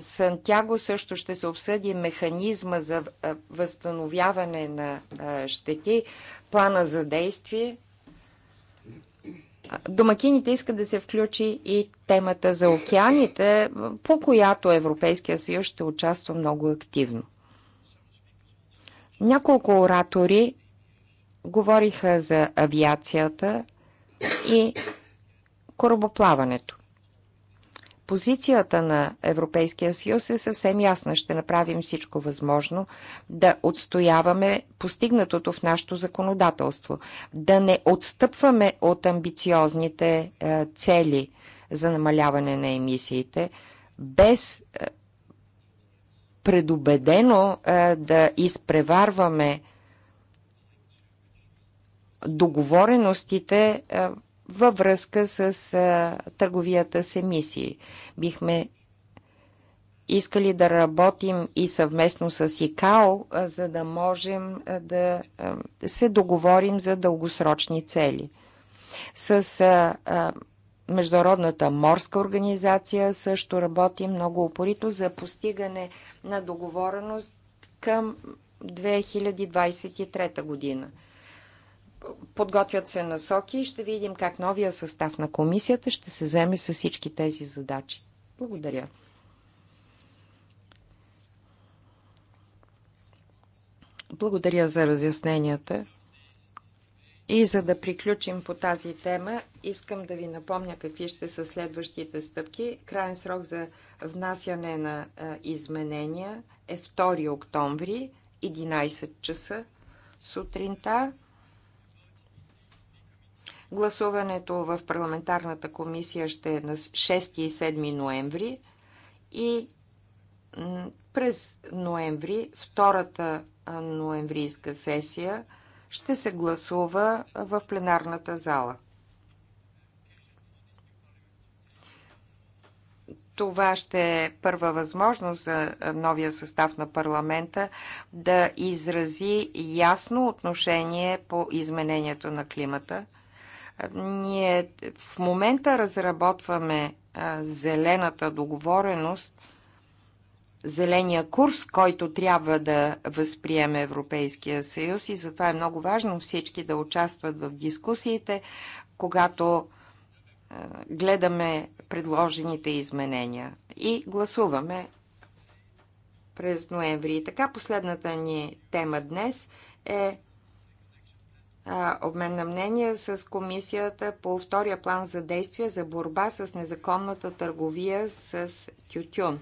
Сантяго също ще се обсъди механизма за е, възстановяване на е, щети, плана за действие. Домакините искат да се включи и темата за океаните, по която Европейския съюз ще участва много активно. Няколко оратори говориха за авиацията и корабоплаването. Позицията на Европейския съюз е съвсем ясна. Ще направим всичко възможно да отстояваме постигнатото в нашето законодателство, да не отстъпваме от амбициозните е, цели за намаляване на емисиите, без е, предубедено е, да изпреварваме договореностите е, във връзка с е, търговията с емисии. Бихме искали да работим и съвместно с ИКАО, за да можем да се договорим за дългосрочни цели. С Международната морска организация също работи много упорито за постигане на договореност към 2023 година. Подготвят се насоки и ще видим как новия състав на комисията ще се вземе с всички тези задачи. Благодаря. Благодаря за разясненията. И за да приключим по тази тема, искам да ви напомня какви ще са следващите стъпки. Крайен срок за внасяне на изменения е 2 октомври, 11 часа сутринта. Гласуването в парламентарната комисия ще е на 6 и 7 ноември и през ноември, втората ноемврийска сесия – ще се гласува в пленарната зала. това ще е първа възможност за новия състав на парламента да изрази ясно отношение по изменението на климата. Ние в момента разработваме зелената договореност зеления курс, който трябва да възприеме Европейския съюз и затова е много важно всички да участват в дискусиите, когато гледаме предложените изменения и гласуваме през ноември. И така последната ни тема днес е обмен на мнение с комисията по втория план за действие за борба с незаконната търговия с тютюн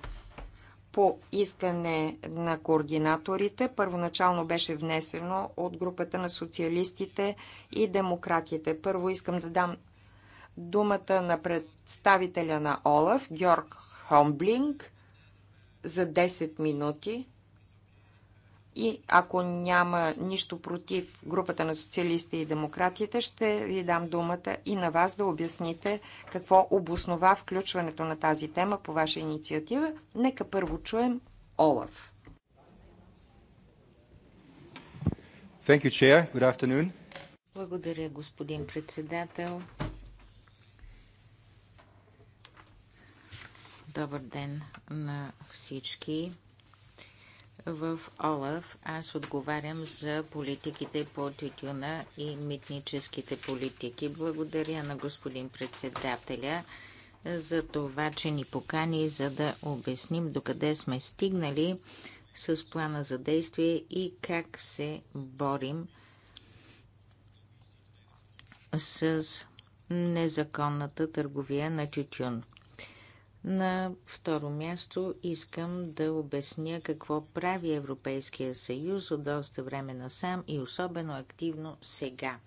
по искане на координаторите. Първоначално беше внесено от групата на социалистите и демократите. Първо искам да дам думата на представителя на ОЛАФ, Георг Хомблинг, за 10 минути. И ако няма нищо против групата на социалисти и демократите, ще ви дам думата и на вас да обясните какво обоснова включването на тази тема по ваша инициатива. Нека
първо чуем
Олаф.
Thank you, Chair. Good afternoon.
Благодаря, господин председател. Добър ден на всички. В ОЛАФ аз отговарям за политиките по тютюна и митническите политики. Благодаря на господин председателя за това, че ни покани, за да обясним докъде сме стигнали с плана за действие и как се борим с незаконната търговия на тютюн. На второ място искам да обясня какво прави Европейския съюз от доста време насам и особено активно сега.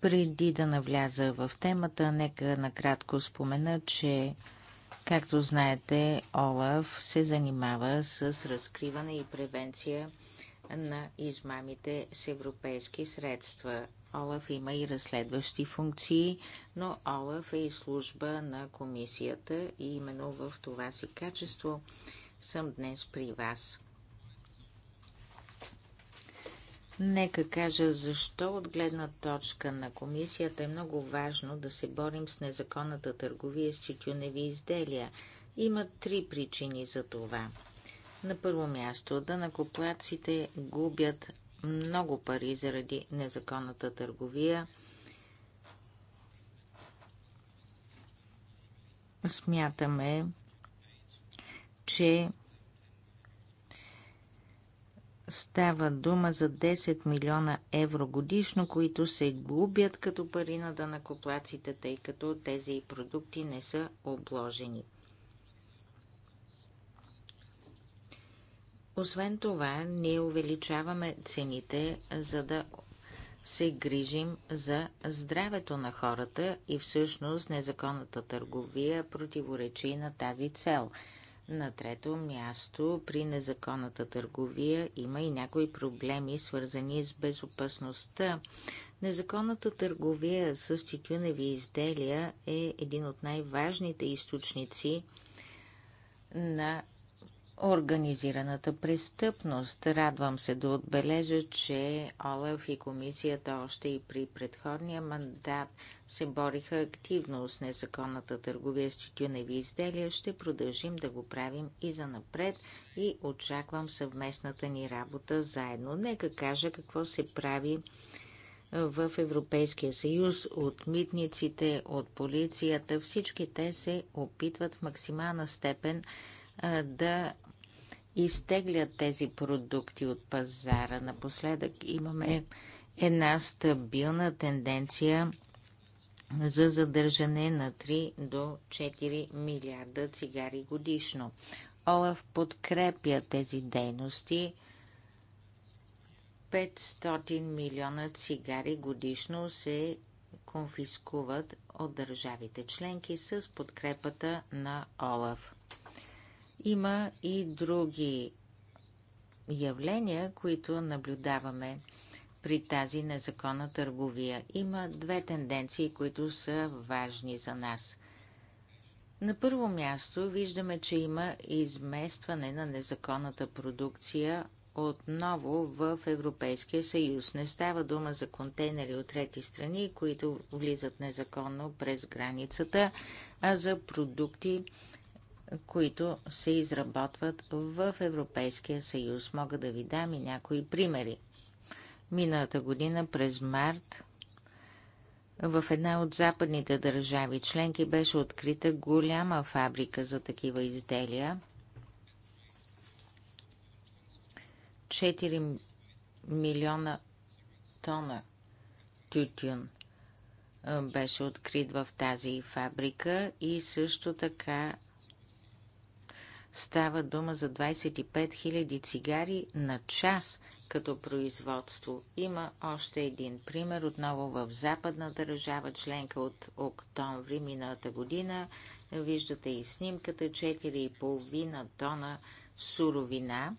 Преди да навляза в темата, нека накратко спомена, че Както знаете, Олаф се занимава с разкриване и превенция на измамите с европейски средства. Олаф има и разследващи функции, но Олаф е и служба на комисията и именно в това си качество съм днес при вас. Нека кажа защо от гледна точка на комисията е много важно да се борим с незаконната търговия с четюневи изделия. Има три причини за това. На първо място, да накоплаците губят много пари заради незаконната търговия. Смятаме, че Става дума за 10 милиона евро годишно, които се губят като пари на данакоплаците, тъй като тези продукти не са обложени. Освен това, ние увеличаваме цените, за да се грижим за здравето на хората и всъщност незаконната търговия противоречи на тази цел. На трето място при незаконната търговия има и някои проблеми, свързани с безопасността. Незаконната търговия с тютюневи изделия е един от най-важните източници на организираната престъпност. Радвам се да отбележа, че Олаф и комисията още и при предходния мандат се бориха активно с незаконната търговия с тютюневи изделия. Ще продължим да го правим и за напред и очаквам съвместната ни работа заедно. Нека кажа какво се прави в Европейския съюз, от митниците, от полицията. Всички те се опитват в максимална степен да изтеглят тези продукти от пазара. Напоследък имаме една стабилна тенденция за задържане на 3 до 4 милиарда цигари годишно. Олаф подкрепя тези дейности. 500 милиона цигари годишно се конфискуват от държавите членки с подкрепата на Олаф. Има и други явления, които наблюдаваме при тази незаконна търговия. Има две тенденции, които са важни за нас. На първо място виждаме, че има изместване на незаконната продукция отново в Европейския съюз. Не става дума за контейнери от трети страни, които влизат незаконно през границата, а за продукти, които се изработват в Европейския съюз. Мога да ви дам и някои примери. Миналата година през март в една от западните държави членки беше открита голяма фабрика за такива изделия. 4 милиона тона тютюн беше открит в тази фабрика и също така Става дума за 25 000 цигари на час като производство. Има още един пример, отново в западна държава, членка от октомври миналата година. Виждате и снимката 4,5 тона суровина.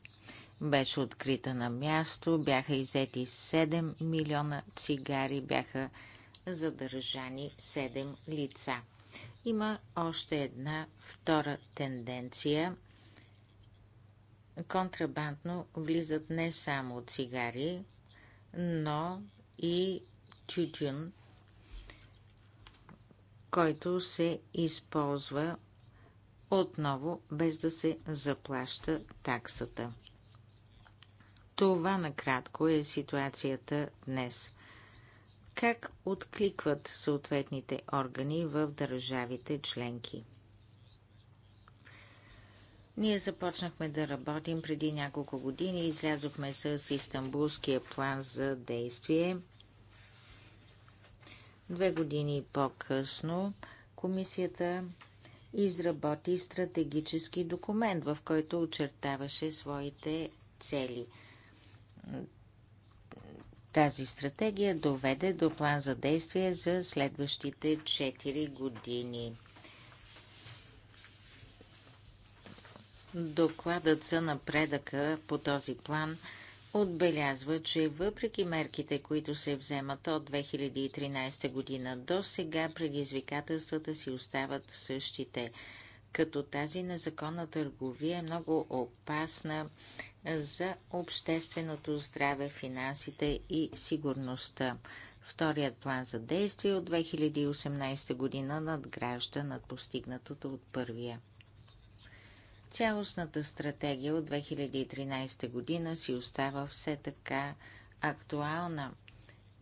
Беше открита на място, бяха изети 7 милиона цигари, бяха задържани 7 лица. Има още една втора тенденция. Контрабандно влизат не само цигари, но и тютюн, който се използва отново без да се заплаща таксата. Това накратко е ситуацията днес как откликват съответните органи в държавите членки. Ние започнахме да работим преди няколко години, излязохме с Истанбулския план за действие. Две години по-късно комисията изработи стратегически документ, в който очертаваше своите цели. Тази стратегия доведе до план за действие за следващите 4 години. Докладът за напредъка по този план отбелязва, че въпреки мерките, които се вземат от 2013 година до сега, предизвикателствата си остават същите. Като тази незаконна търговия е много опасна за общественото здраве, финансите и сигурността. Вторият план за действие от 2018 година надгражда над постигнатото от първия. Цялостната стратегия от 2013 година си остава все така актуална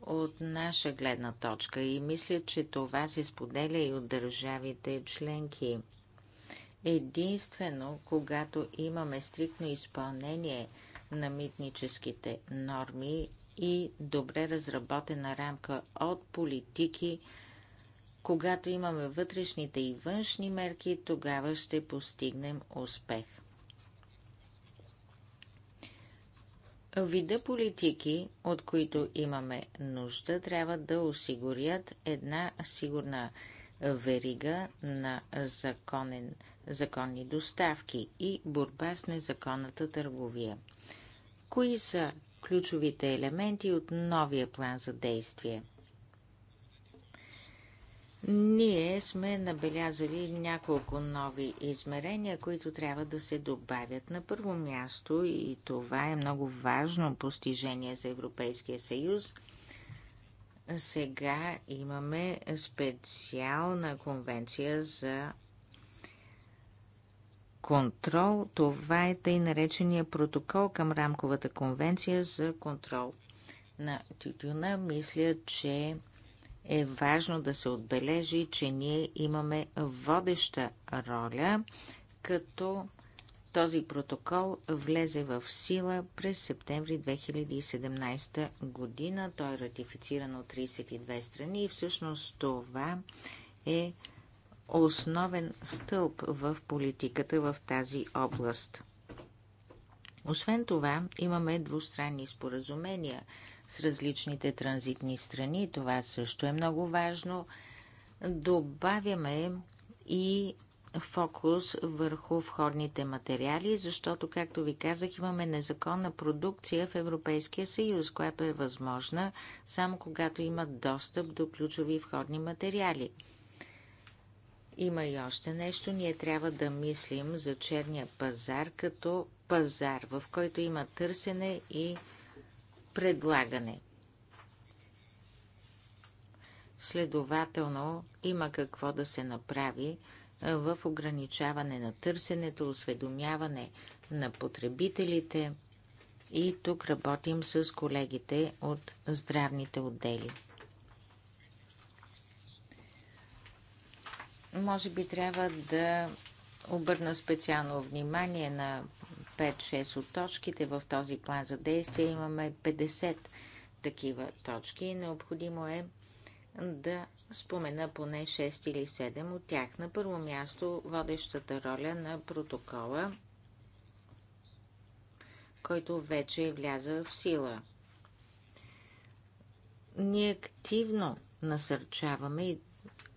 от наша гледна точка и мисля, че това се споделя и от държавите членки – Единствено, когато имаме стриктно изпълнение на митническите норми и добре разработена рамка от политики, когато имаме вътрешните и външни мерки, тогава ще постигнем успех. Вида политики, от които имаме нужда, трябва да осигурят една сигурна верига на законен законни доставки и борба с незаконната търговия. Кои са ключовите елементи от новия план за действие? Ние сме набелязали няколко нови измерения, които трябва да се добавят на първо място и това е много важно постижение за Европейския съюз. Сега имаме специална конвенция за контрол. Това е тъй наречения протокол към рамковата конвенция за контрол на тютюна. Мисля, че е важно да се отбележи, че ние имаме водеща роля, като този протокол влезе в сила през септември 2017 година. Той е ратифициран от 32 страни и всъщност това е основен стълб в политиката в тази област. Освен това, имаме двустранни споразумения с различните транзитни страни. Това също е много важно. Добавяме и фокус върху входните материали, защото, както ви казах, имаме незаконна продукция в Европейския съюз, която е възможна само когато има достъп до ключови входни материали – има и още нещо. Ние трябва да мислим за черния пазар като пазар, в който има търсене и предлагане. Следователно, има какво да се направи в ограничаване на търсенето, осведомяване на потребителите. И тук работим с колегите от здравните отдели. Може би трябва да обърна специално внимание на 5-6 от точките в този план за действие. Имаме 50 такива точки. Необходимо е да спомена поне 6 или 7 от тях. На първо място водещата роля на протокола, който вече е вляза в сила. Ние активно насърчаваме и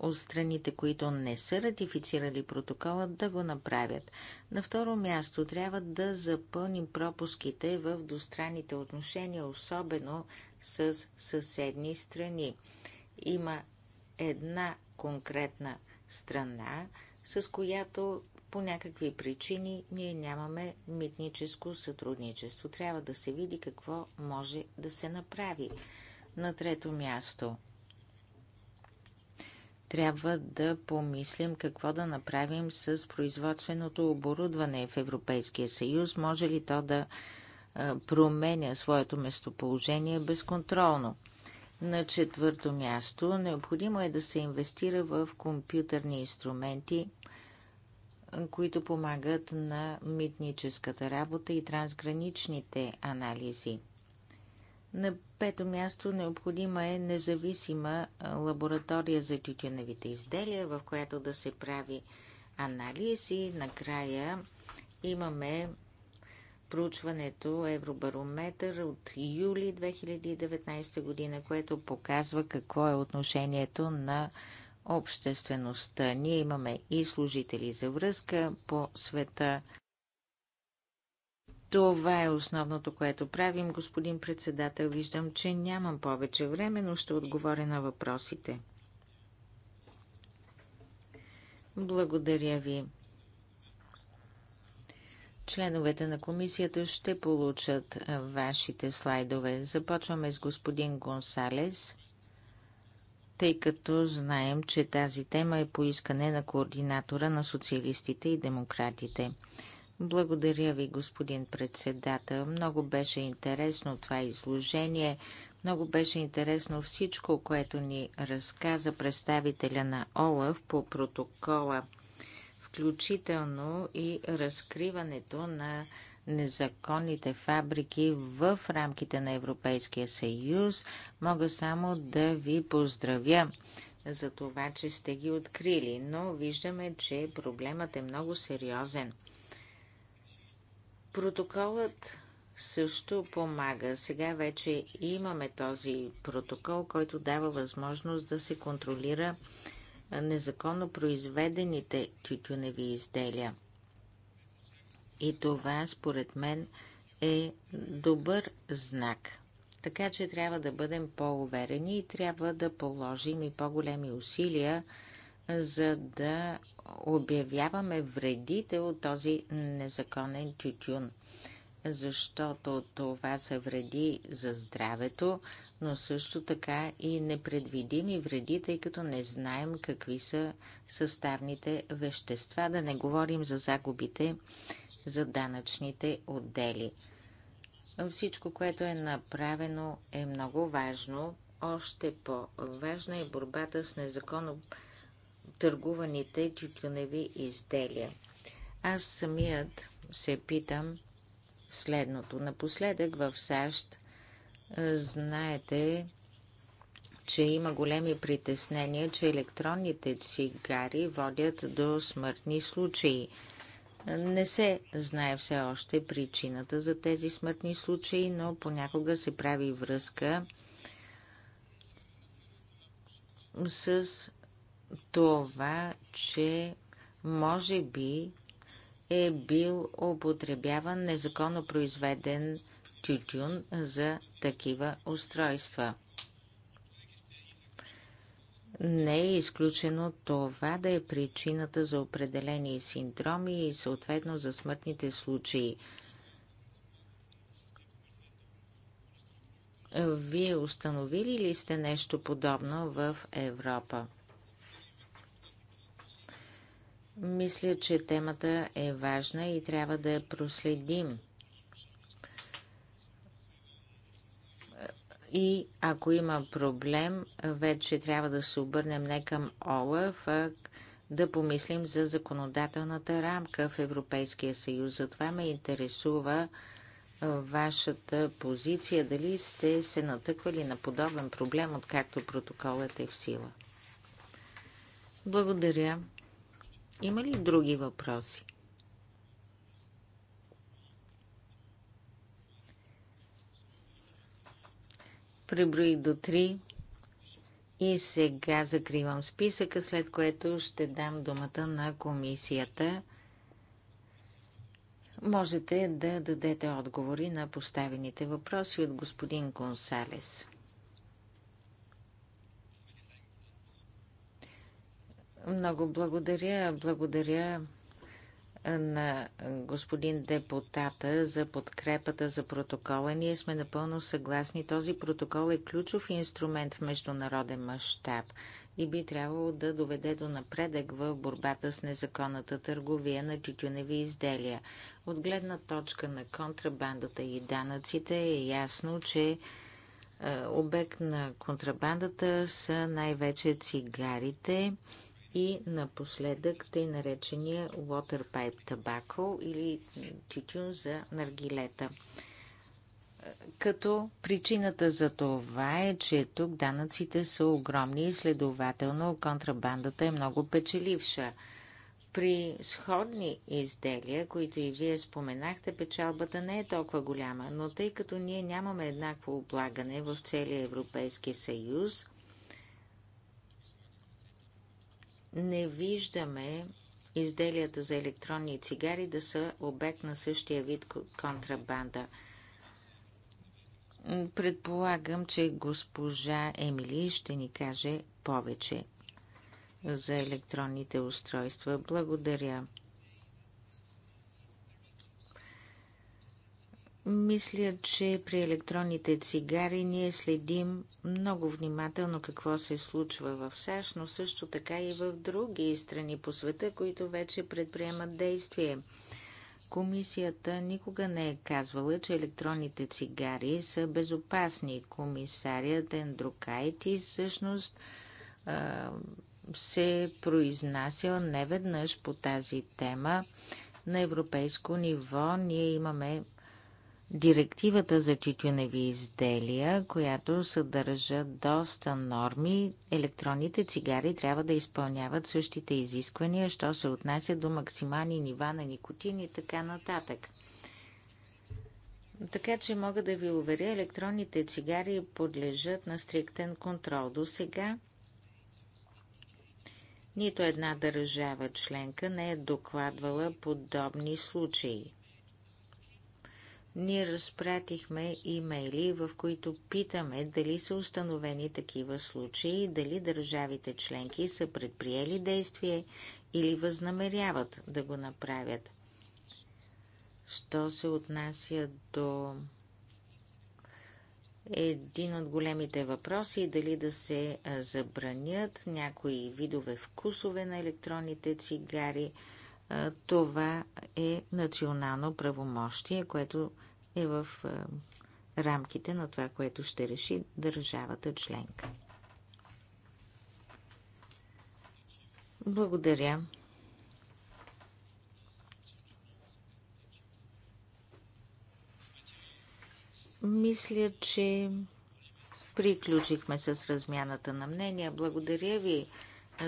от страните, които не са ратифицирали протокола, да го направят. На второ място трябва да запълним пропуските в двустранните отношения, особено с съседни страни. Има една конкретна страна, с която по някакви причини ние нямаме митническо сътрудничество. Трябва да се види какво може да се направи. На трето място – трябва да помислим какво да направим с производственото оборудване в Европейския съюз. Може ли то да променя своето местоположение безконтролно? На четвърто място, необходимо е да се инвестира в компютърни инструменти, които помагат на митническата работа и трансграничните анализи. На пето място необходима е независима лаборатория за тютюневите изделия, в която да се прави анализ и накрая имаме проучването Евробарометър от юли 2019 година, което показва какво е отношението на обществеността. Ние имаме и служители за връзка по света, това е основното, което правим, господин председател. Виждам, че нямам повече време, но ще отговоря на въпросите. Благодаря ви. Членовете на комисията ще получат вашите слайдове. Започваме с господин Гонсалес, тъй като знаем, че тази тема е поискане на координатора на социалистите и демократите. Благодаря ви, господин председател. Много беше интересно това изложение. Много беше интересно всичко, което ни разказа представителя на ОЛАВ по протокола, включително и разкриването на незаконните фабрики в рамките на Европейския съюз. Мога само да ви поздравя за това, че сте ги открили, но виждаме, че проблемът е много сериозен. Протоколът също помага. Сега вече имаме този протокол, който дава възможност да се контролира незаконно произведените тютюневи изделия. И това, според мен, е добър знак. Така че трябва да бъдем по-уверени и трябва да положим и по-големи усилия за да обявяваме вредите от този незаконен тютюн. Защото това са вреди за здравето, но също така и непредвидими вреди, тъй като не знаем какви са съставните вещества, да не говорим за загубите за данъчните отдели. Всичко, което е направено, е много важно. Още по-важна е борбата с незаконно търгуваните тютюневи изделия. Аз самият се питам следното. Напоследък в САЩ знаете, че има големи притеснения, че електронните цигари водят до смъртни случаи. Не се знае все още причината за тези смъртни случаи, но понякога се прави връзка с това, че може би е бил употребяван незаконно произведен тютюн за такива устройства. Не е изключено това да е причината за определени синдроми и съответно за смъртните случаи. Вие установили ли сте нещо подобно в Европа? Мисля, че темата е важна и трябва да я проследим. И ако има проблем, вече трябва да се обърнем не към ОЛАФ, а да помислим за законодателната рамка в Европейския съюз. Затова ме интересува вашата позиция. Дали сте се натъквали на подобен проблем, откакто протоколът е в сила? Благодаря. Има ли други въпроси? Преброих до 3 и сега закривам списъка, след което ще дам думата на комисията. Можете да дадете отговори на поставените въпроси от господин Гонсалес. Много благодаря. Благодаря на господин депутата за подкрепата за протокола. Ние сме напълно съгласни. Този протокол е ключов инструмент в международен мащаб и би трябвало да доведе до напредък в борбата с незаконната търговия на тютюневи изделия. От гледна точка на контрабандата и данъците е ясно, че обект на контрабандата са най-вече цигарите – и напоследък тъй наречения water pipe tobacco или тютюн за наргилета. Като причината за това е, че тук данъците са огромни и следователно контрабандата е много печеливша. При сходни изделия, които и вие споменахте, печалбата не е толкова голяма, но тъй като ние нямаме еднакво облагане в целия Европейски съюз, не виждаме изделията за електронни цигари да са обект на същия вид контрабанда. Предполагам, че госпожа Емили ще ни каже повече за електронните устройства. Благодаря. Мисля, че при електронните цигари ние следим много внимателно какво се случва в САЩ, но също така и в други страни по света, които вече предприемат действие. Комисията никога не е казвала, че електронните цигари са безопасни. Комисарият Ендрукайти всъщност се е произнасял неведнъж по тази тема. На европейско ниво ние имаме директивата за тютюневи изделия, която съдържа доста норми, електронните цигари трябва да изпълняват същите изисквания, що се отнася до максимални нива на никотин и така нататък. Така че мога да ви уверя, електронните цигари подлежат на стриктен контрол. До сега нито една държава членка не е докладвала подобни случаи. Ние разпратихме имейли, в които питаме дали са установени такива случаи, дали държавите членки са предприели действие или възнамеряват да го направят. Що се отнася до един от големите въпроси е дали да се забранят някои видове вкусове на електронните цигари – това е национално правомощие, което е в рамките на това, което ще реши държавата членка. Благодаря. Мисля, че приключихме с размяната на мнения. Благодаря ви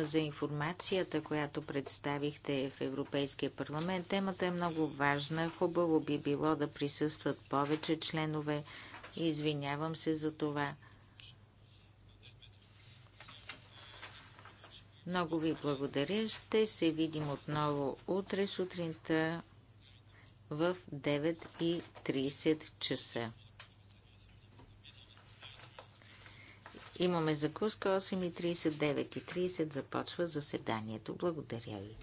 за информацията, която представихте в Европейския парламент. Темата е много важна. Хубаво би било да присъстват повече членове. Извинявам се за това. Много ви благодаря. Ще се видим отново утре сутринта в 9.30 часа. Имаме закуска 8.30, 9.30 започва заседанието. Благодаря ви.